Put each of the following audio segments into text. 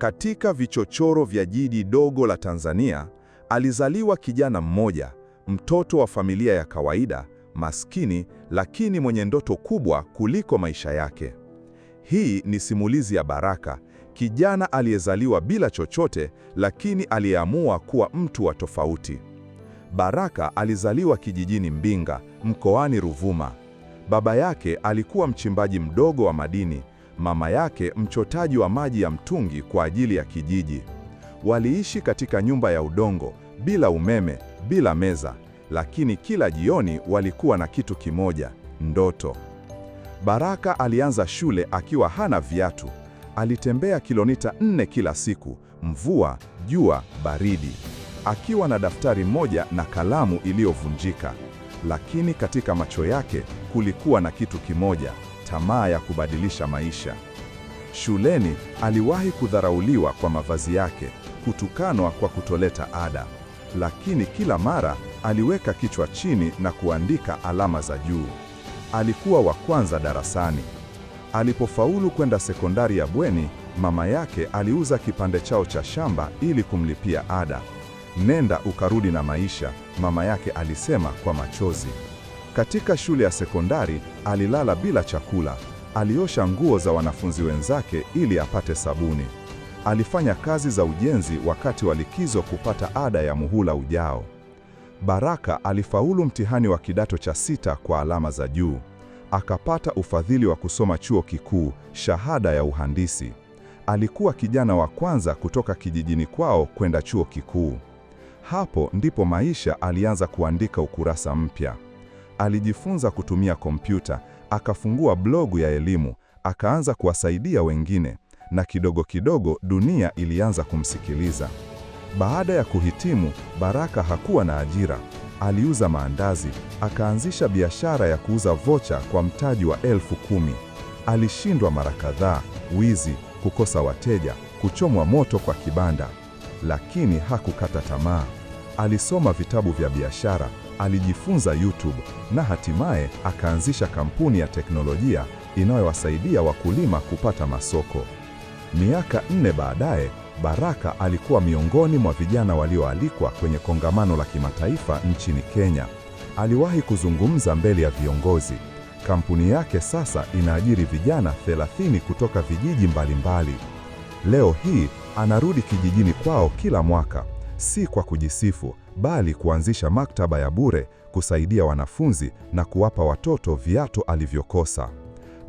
Katika vichochoro vya jiji dogo la Tanzania, alizaliwa kijana mmoja, mtoto wa familia ya kawaida, maskini lakini mwenye ndoto kubwa kuliko maisha yake. Hii ni simulizi ya Baraka, kijana aliyezaliwa bila chochote lakini aliyeamua kuwa mtu wa tofauti. Baraka alizaliwa kijijini Mbinga, mkoani Ruvuma. Baba yake alikuwa mchimbaji mdogo wa madini mama yake mchotaji wa maji ya mtungi kwa ajili ya kijiji. Waliishi katika nyumba ya udongo, bila umeme, bila meza, lakini kila jioni walikuwa na kitu kimoja, ndoto. Baraka alianza shule akiwa hana viatu. Alitembea kilomita nne kila siku, mvua, jua, baridi, akiwa na daftari moja na kalamu iliyovunjika. Lakini katika macho yake kulikuwa na kitu kimoja tamaa ya kubadilisha maisha. Shuleni aliwahi kudharauliwa kwa mavazi yake, kutukanwa kwa kutoleta ada, lakini kila mara aliweka kichwa chini na kuandika alama za juu. Alikuwa wa kwanza darasani. Alipofaulu kwenda sekondari ya bweni, mama yake aliuza kipande chao cha shamba ili kumlipia ada. Nenda ukarudi na maisha, mama yake alisema kwa machozi. Katika shule ya sekondari alilala bila chakula, aliosha nguo za wanafunzi wenzake ili apate sabuni. Alifanya kazi za ujenzi wakati wa likizo kupata ada ya muhula ujao. Baraka alifaulu mtihani wa kidato cha sita kwa alama za juu. Akapata ufadhili wa kusoma chuo kikuu, shahada ya uhandisi. Alikuwa kijana wa kwanza kutoka kijijini kwao kwenda chuo kikuu. Hapo ndipo maisha alianza kuandika ukurasa mpya. Alijifunza kutumia kompyuta, akafungua blogu ya elimu, akaanza kuwasaidia wengine, na kidogo kidogo dunia ilianza kumsikiliza. Baada ya kuhitimu, Baraka hakuwa na ajira. Aliuza maandazi, akaanzisha biashara ya kuuza vocha kwa mtaji wa elfu kumi. Alishindwa mara kadhaa, wizi, kukosa wateja, kuchomwa moto kwa kibanda, lakini hakukata tamaa. Alisoma vitabu vya biashara, alijifunza YouTube na hatimaye akaanzisha kampuni ya teknolojia inayowasaidia wakulima kupata masoko. Miaka nne baadaye, Baraka alikuwa miongoni mwa vijana walioalikwa kwenye kongamano la kimataifa nchini Kenya. Aliwahi kuzungumza mbele ya viongozi. Kampuni yake sasa inaajiri vijana 30 kutoka vijiji mbalimbali. Leo hii anarudi kijijini kwao kila mwaka si kwa kujisifu, bali kuanzisha maktaba ya bure, kusaidia wanafunzi na kuwapa watoto viatu alivyokosa.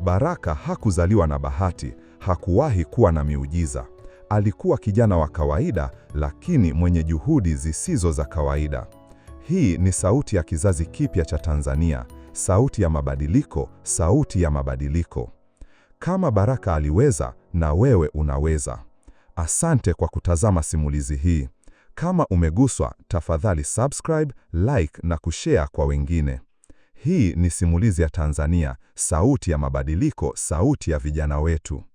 Baraka hakuzaliwa na bahati, hakuwahi kuwa na miujiza. Alikuwa kijana wa kawaida, lakini mwenye juhudi zisizo za kawaida. Hii ni sauti ya kizazi kipya cha Tanzania, sauti ya mabadiliko, sauti ya mabadiliko. Kama Baraka aliweza, na wewe unaweza. Asante kwa kutazama simulizi hii. Kama umeguswa, tafadhali subscribe, like na kushare kwa wengine. Hii ni Simulizi ya Tanzania, sauti ya mabadiliko, sauti ya vijana wetu.